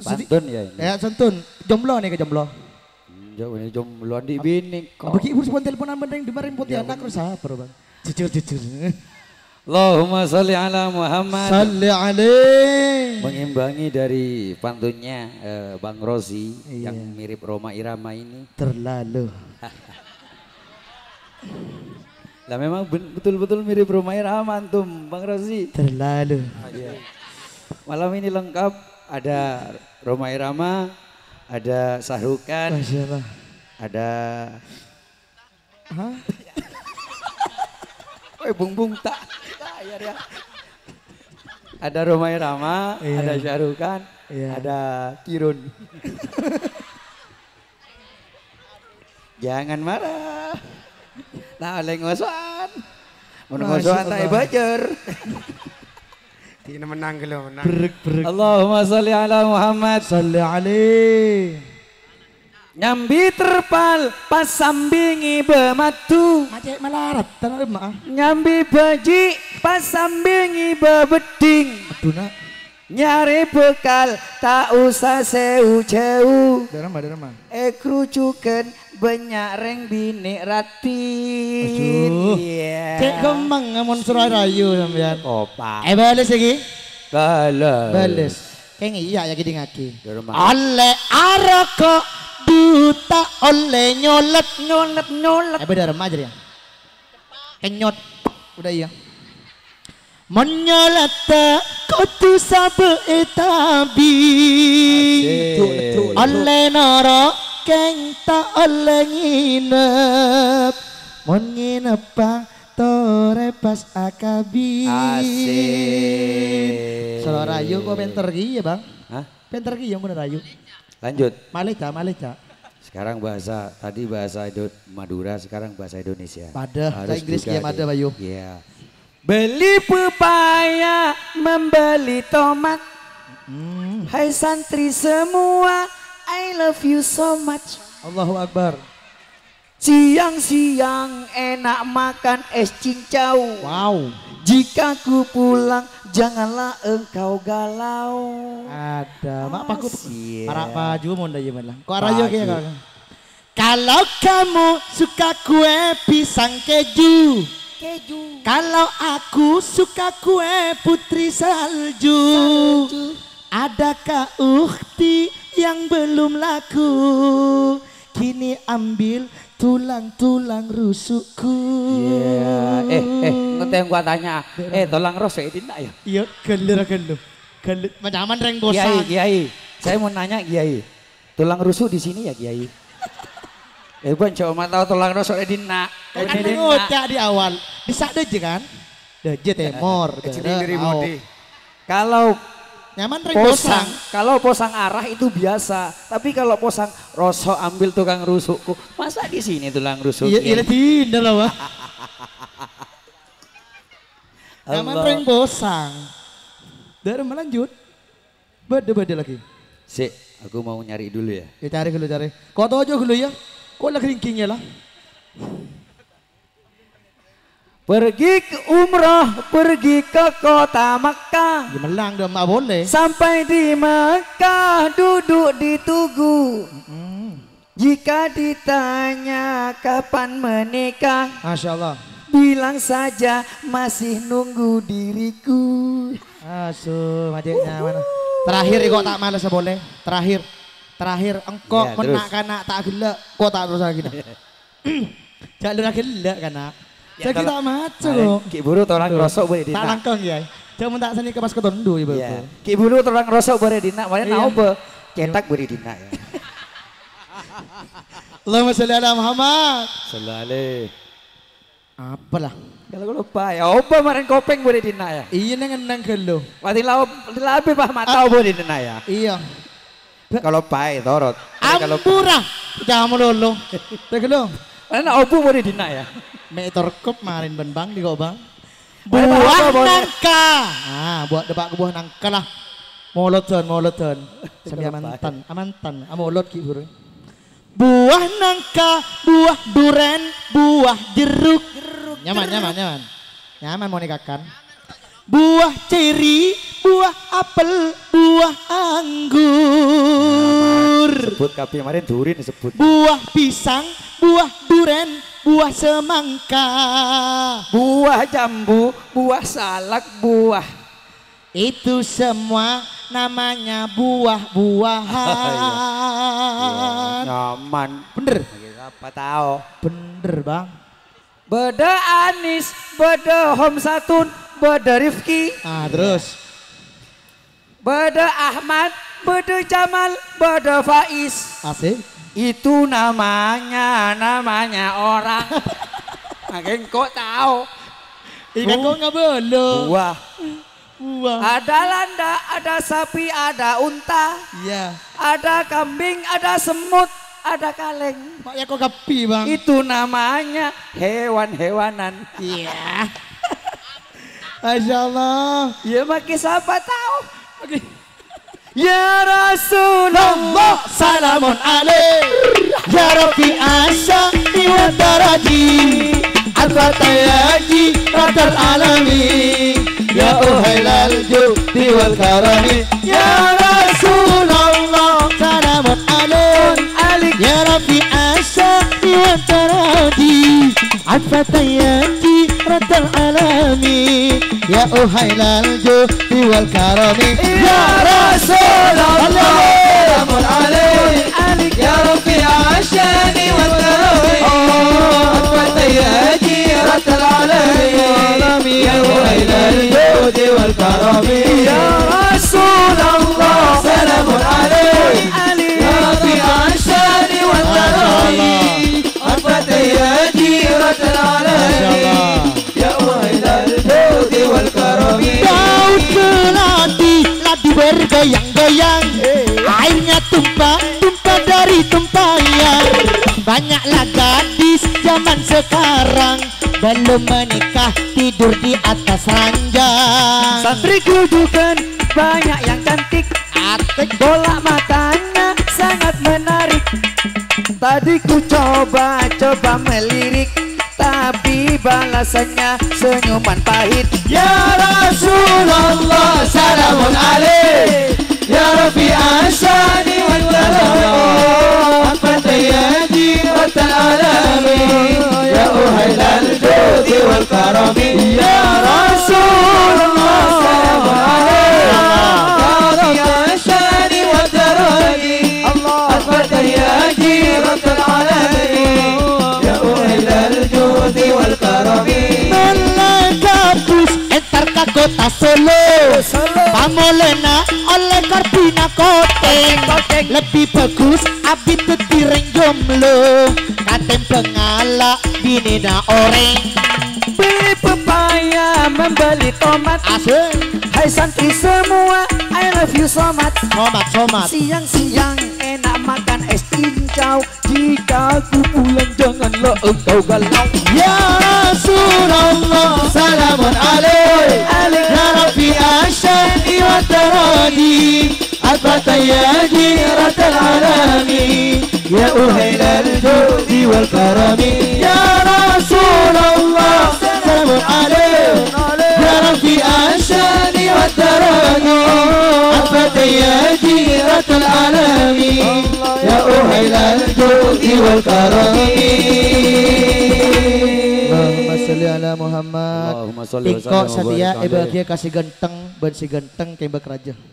Santun ya ini. Ya santun. Jomblo nih ke jomblo. Jauh ini jomblo di bini kok. Bagi ibu sebuah teleponan benteng di marim putih anak rusak apa bang? Jujur jujur. Allahumma salli ala Muhammad. Salli alaih. Mengimbangi dari pantunnya eh, Bang Rosi iya. yang mirip Roma Irama ini. Terlalu. Lah memang betul-betul mirip Roma Irama antum Bang Rosi. Terlalu. iya. Malam ini lengkap ada Roma Irama, ada Sahrukan, ada Hah? Woi bung bung tak ya. Ada Roma Irama, iya. ada Sahrukan, iya. ada Kirun. Jangan marah. Nah, leng ngosoan. Mun ngosoan tak bajer. Ini menang gelo menang. Berek berek. Allahumma sholli ala Muhammad. Sholli ali. Nyambi terpal pas sambingi bematu. Macet melarat tanah maaf. Nyambi baji pas sambingi bebeding. Aduh nak. Nyari bekal tak usah seu jauh. Darah darah. Eh kerucukan banyak reng bini rati. Aduh. Iya. Cek gemeng ngamun surai rayu sampean. Opa. Eh balas lagi. balas Bales. Keng iya ya gini ngaki. Oleh aroko duta oleh nyolet nyolet nyolet. Eh beda remaja aja ya. Kenyot. Udah iya. Menyolata kutu sabu etabi. Oleh norok Keng tak oleh nginep Mon nginep pa tore pas akabi Asik Solo rayu kok penter ki ya bang? Hah? Penter ki yang bener rayu Lanjut Maleca, Maleca sekarang bahasa tadi bahasa Madura, sekarang bahasa Indonesia. Pada bahasa Inggris yang ada Bayu. Iya. Yeah. Beli pepaya, membeli tomat. Hmm. Hai santri semua, I love you so much. Allahu Akbar. Siang-siang enak makan es cincau. Wow. Jika ku pulang janganlah engkau galau. Ada. Mak aku. Para baju mau ndak jaman lah. Kok rayo kayak kau. Kalau kamu suka kue pisang keju. Keju. Kalau aku suka kue putri salju. salju. Adakah ukti yang belum laku kini ambil tulang-tulang rusukku. Yeah. Eh, eh, nanti yang gua tanya, eh tulang rusuk itu enggak ya? Iya, gelir gelir. Gelir, macam reng bosan. Kiai, kiai, saya mau nanya kiai, tulang rusuk di sini ya kiai? eh, gua coba tahu tulang rusuk di nak. Eh, kan ngoda di awal, bisa deh kan? Deh, temor. Eh, eh, Kalau Nyaman ring posang. posang. Kalau posang arah itu biasa, tapi kalau posang rosok ambil tukang rusukku. Masa di sini tulang rusuknya? Iya, iya dalam wah. Nyaman ring posang. Dari melanjut. Bade-bade lagi. Si, aku mau nyari dulu ya. Ya cari dulu cari. Kau tahu aja dulu ya. Kau lagi ringkingnya lah. Pergi ke umrah, pergi ke kota Makkah. Gimelang melang mak boleh. Sampai di Makkah, duduk di tugu. Jika ditanya kapan menikah, Masya Allah. Bilang saja masih nunggu diriku. Asuh, majiknya mana? Terakhir kok tak malas boleh. Terakhir, terakhir engkau menak iya, kanak tak gelak, kau tak terus lagi. Jalur gelak kanak. Jadi kita maco nah, Ki buru orang ngerosok boleh dina. Tak langkong ya. Jangan tak seni kepas ketundu ibu. Yeah. Ki buru orang ngerosok boleh dina. Mana yeah. nau be? Cetak boleh dina ya. Allahumma sholli ala Muhammad. Selale, apa Apalah. Kalau gue lupa ya, apa kemarin kopeng boleh dina ya? Iya neng neng lo. Mati lau, lebih pah mata ah. boleh dina ya? Iya. Kalau pai torot. Ampura, jangan mulu melulu. lo. Ana opo mari dina ya. Mek terkep marin ben bang di kok bang. Buah nangka. Ah, buat debak buah nangka lah. Moloton, moloton. Sampai amantan, amantan, amolot ah, ki burung. Buah nangka, buah duren, buah jeruk. jeruk nyaman, nyaman, nyaman. Nyaman mau nikahkan. Buah ceri, buah apel, buah anggur. Sebut kapi kemarin durin sebut. Buah pisang, buah duren, buah semangka. Buah jambu, buah salak, buah. Itu semua namanya buah-buahan. Iya, iya. Nyaman, bener. Apa tahu? Bener bang. Beda Anis, beda Homsatun, beda Rifki. Ah terus. Beda Ahmad, beda Jamal, beda Faiz. Asik. Itu namanya, namanya orang. Makin kok tahu. Ini kok nggak boleh. Wah. Wah. Ada landa, ada sapi, ada unta. Iya. Ada kambing, ada semut, ada kaleng. Maknya kok kepi bang. Itu namanya hewan-hewanan. Iya. Masya Allah. Ya makin siapa tahu. Makin... Ya Rasulullah salamun alaik Ya Rabbi Asya wa Taraji al fatayaji Rabbal Alami Ya Uhailal Jukti wal Karami Ya Rasulullah salamun alaik Ya Rabbi Asya wa Taraji al fatayaji Rabbal Alami Ya Uhailal Jukti wal Karami Ya Rasulullah ya رسول الله سلام عليك يا ربي عشاني والثوي أطفلتي أجيرة العالمين يا ويل الجود والكرم يا tumpah tumpah dari tempayan banyaklah gadis zaman sekarang belum menikah tidur di atas ranjang santri kudukan banyak yang cantik Atik. bola matanya sangat menarik tadi ku coba coba melirik tapi balasannya senyuman pahit ya Rasulullah salamun alaikum يا ربي أنساني والدلال أنت يا جيرة العالم يا أهل الجود والكرم يا رسول الله سلام عليك يا ربي أنساني والدلال أنت يا جيرة العالم يا أهل الجود والكرم من لا تقص انتر كوتا سولو Abi bagus, Abi petiring jomblo Katen pengalak, na oreng Beli pepaya, membeli tomat Asik Hai santri semua, I love you much Somat, somat Siang-siang enak makan es cincau Jika aku pulang jangan lo engkau galau Ya Rasulullah, salamun alaih رحمة يا جيرة العالم يا أهل الجود والكرم يا رسول الله سلام عليك يا رفيع الشان والتراني عفت يا جيرة العالم يا أهل الجود والكرم Allahumma sholli ala Muhammad. Allahumma sholli wa kasih genteng, ban genteng kembak raja.